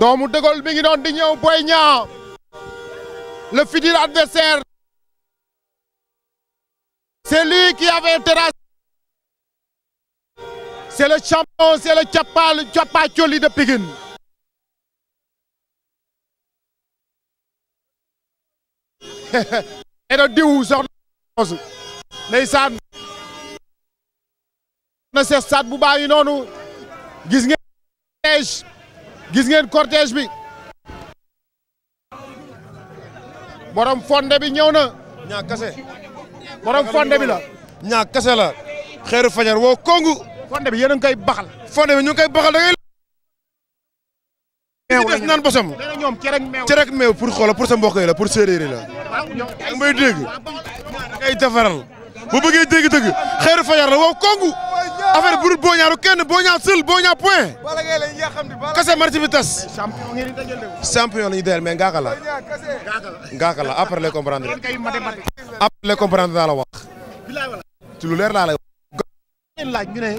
doomu dëgol mi ngi noonu di ñëw Boy Niang le futur adversaire c'est lui qui avait terrassé c'est le champion c'est le cappa le cappa coli de Pikine e no diw soxna ndeysaan na sees saat bu baa yi noonu gis ngeen gis ngeen cortège bi borom fonde bi ñëw na ñaa kase borom fonde bi la ñaa kase la xeeru fajar woo kongu fonde bi yéen a ngi koy ñu ngi koy baxal da ngay meew des naan bosam cerek meew pour xoola pour sa mbokk la pour séeréer yi la mbay dégg ngay defaral bu bëggee dégg-dëgg xeeru fajar la waaw kongu affaire bu dul boo ñaaru kenn boo ñaar seul boo ñaar point kase marti bi tas champion la ñu deel mais ngaaka la ngaaka la après les comprendre après les comprendre naa a wax ci lu leer laa laaj ñu ne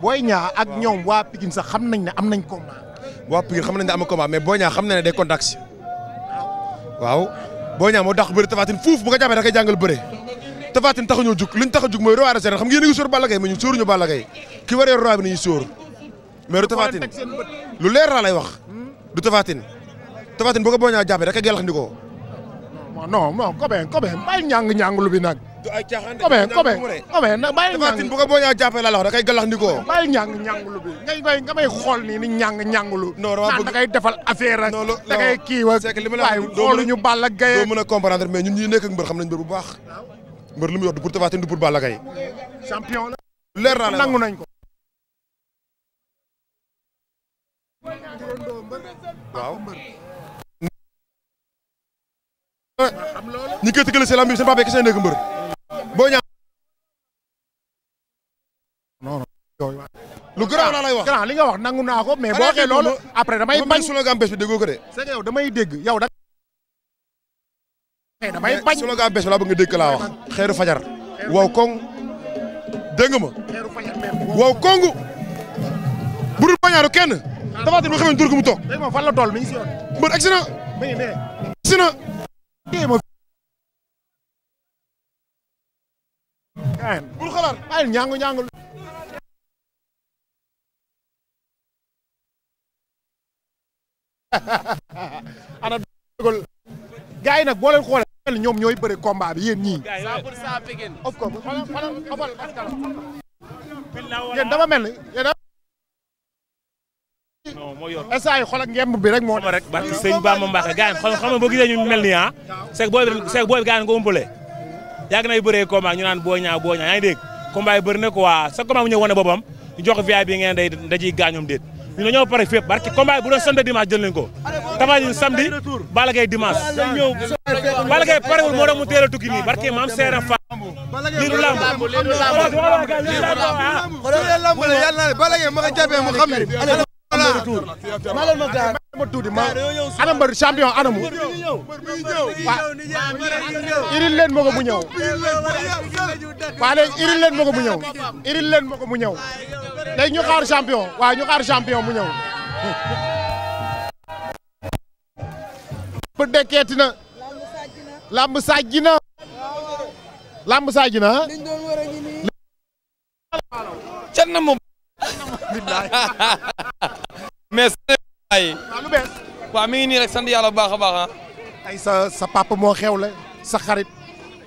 booy ñaa ak ñoom waa Pikine sax xam nañ ne am nañ combat waa Pikine xam nañ ne am na combat mais boo ñaa xam na ne day contact si waaw boo ñaa moo dàq bëri Tapha fuuf bu ko jàppee da jàngal bëre Tapha Tine taxuñoo jug liñ tax a jug mooy roi des arènes xam ngeen ni ngi sóor Balla Gaye lu leer laa lay wax du Tapha Tine Tapha Tine boo ko boñaa jàppee rek a gelax ndikoo non non Kobé Kobé lu bi nag du ay caaxaan Kobé Kobé Kobé nag bàyyi Tapha Tine la wax rek ay gelax ndikoo bàyyi ñàng ñàng lu bi ngay ngay nga may xool nii ni ñàng ñàng lu non da ngay defal affaire ak da ngay kii wa waaye xooluñu Balla Gaye doo mën a comprendre mais ñun xam nañ mbër bu baax mbër lu muy yor du pour Tapha Tine du pour Balla Gaye champion la leer naa nangu nañ ko waaw ñi koy tëggale seen lamb bi seen papa kese nekk mbër boo ñaa non lu grand laa lay wax grand li nga wax nangu naa ko mais boo waxee loolu après damay bañ slogan bés bi déggoo ko de c'est que yow damay dégg yow da damay bañ slogan bés laa bëgg nga dégg laa wax fajar waaw kong dégg ma waaw kong bu bañaaru kenn dafa tin ma xamee mu toog moom fan la toll mi ngi si yoon mbër egsi na egsi na bul xalaat ñoom ñooy bëri combat bi yéen ñii. of course. yéen dama mel ni. non moo yor instant yii xoolal ngemb bi rek moo. rek barke sëñ Bamba Mbacke gars yi xam nga boo gisee ñu mel nii ah. Seck booy bi Seck booy bi gars yi nga umpale. yàgg nay bëree combat ñu naan boo ñaa boo ñaa yaa ngi dégg. combat yi bëri na quoi sa combat bu ñëw wane boppam ñu jox VIP bi ngeen day da ciy gaañoom déet ñu ne ñoo pare fépp barke combat yi bu doon sonn dimanche jël nañ ko. Tapha Tine samedi Balla Gaye dimanche Balla Gaye parewul moo doon mu teel a tukki nii barke maam seera fa lii du lamb lii du lamb yàlla na Balla Gaye ma ko jàppee mu xam ne ma tuuti ma anam bari champion anamu iril leen ma ko bu ñëw waa léegi iril leen ma ko bu ñëw iril leen ma ko bu ñëw léegi ñu xaar champion waaw ñu xaar champion mu ñëw dekkeeti na. làmb sàjji na. làmb sàjji na. liñ doon mais. waaw mi ngi nii rek sant yàlla bu baax a baax ah. tey sa sa papa moo xewle sa xarit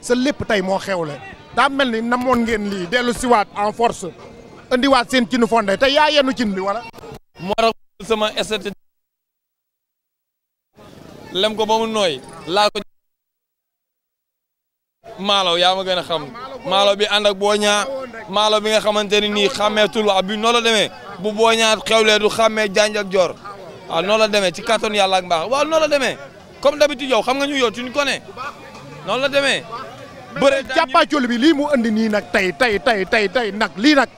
sa lépp tey moo xewle daa mel ni namoon ngeen lii dellu siwaat en force indiwaat seen cin fonde te yaa yenu cin bi wala. moo tax sama esthétique lem ko ba mu nooy laa ko yaa ma gën a xam maalaw bi ànd ak booñaa maalaw bi nga xamante ni nii xàmmeetul waa bi noo deme demee bu booñaa xew du xàmmee janj ak joor waaw noo la demee ci kattan yàlla ak mbaax waaw noo demee comme d'habitude yow xam nga ñu yow tuñ ko ne noonu la demee bëre càppaacol bi lii mu andi nii nag tey tey tey tey tey nag lii nag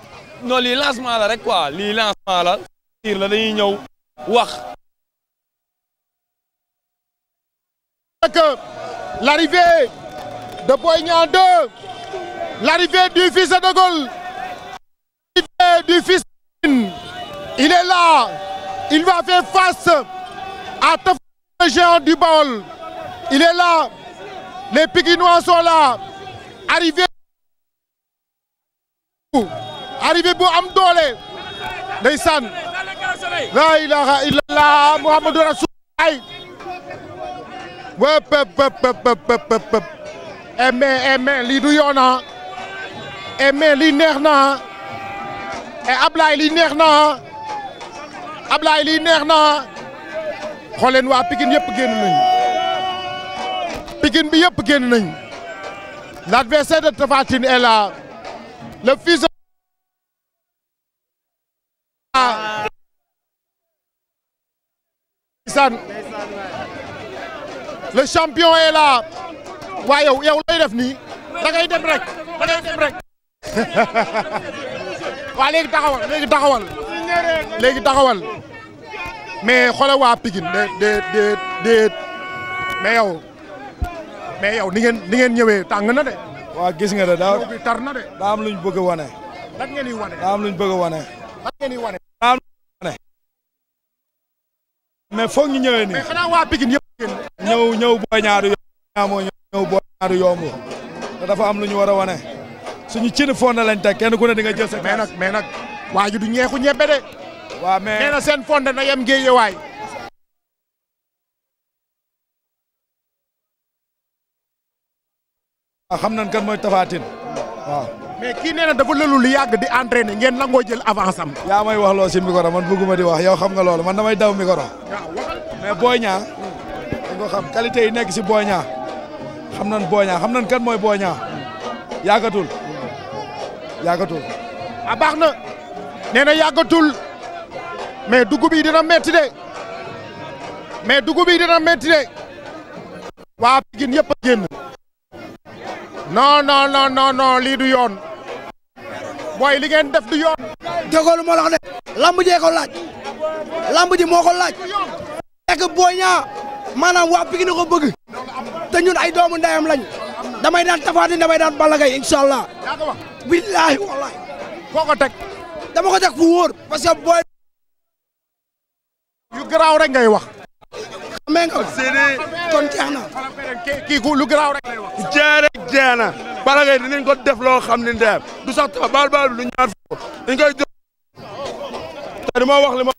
non lii lancement rek quoi lii lancement la tiir la dañuy ñëw wax que l'arrivée de Boy Niang l'arrivée du fils de Gaulle, il est là, il va faire face à Tafou, le du Baol. Il est là, les Pikinois sont là, arrivé arrivé bu am doole ndeysaan la ilaha illallah muhammadu rasulullah wëpp wëpp wëpp wëpp wëpp mais mais lii du yoon ah mais lii neex na ah eh, Ablaye lii neex na ah Ablaye lii neex na ah leen waa Pikine yëpp génn nañu Pikine bi yëpp génn nañu l'adversaire de Tapha Tine est là la champion est là waaye yow yow lay def nii da ngay dem rek waa léegi taxawal léegi taxawal léegi taxawal mais xoolal waa Pikine de de de de mais yow mais yow ni ngeen ni ngeen ñëwee tàng na de. waa gis nga de daa tar na am lu bëgg a wane. lan ngeen di wane. daa am lu bëgg a wane. lan ngeen di wane. nii. ñëw ñëw booy ñaari yomb moo ñëw booy ñaari te dafa am lu ñu war a wane suñu cin fonde lañ teg kenn ku ne di nga jël sa. mais nag mais ji du ñeexu ñebe de. waaw mais seen fonde na yem géeye waay. waaw xam nañ kan mooy tafaatin waaw. mais kii nee dafa lëlu lu yàgg di entraîné ngeen nangoo jël avance am. yaa may wax loo si micro man bëgguma di wax yow xam nga lool man na may daw micro. mais booy ñaa ko xam qualité yi nekk si Boy xam nan Boy xam nan kan mooy Boy Niang yàggatul yàggatul a ah, baax na nee na yàggatul mais dugub yi dina metti de mais dugub yi dina metti de waa Pikine yëpp a génn non non lii du yoon booy li ngeen def du yoon dégoolu moo lax de lamb jee ko laaj lamb ji moo ko laaj fekk Boy maanaam waa Pikine ko bëgg te ñun ay doomu ndeyam lañ damay daan tafaati damay daan Balla Gaye incha allah billaahi wallaahi foo ko dama ko teg fu wóor parce booy yu garaaw rek ngay wax xamee nga kon jeex na lu garaaw rek jeere jeena Balla Gaye dinañ ko def loo xam ne ndeyam du sax ta baal baal lu ñaar fo dañ koy jox te wax li ma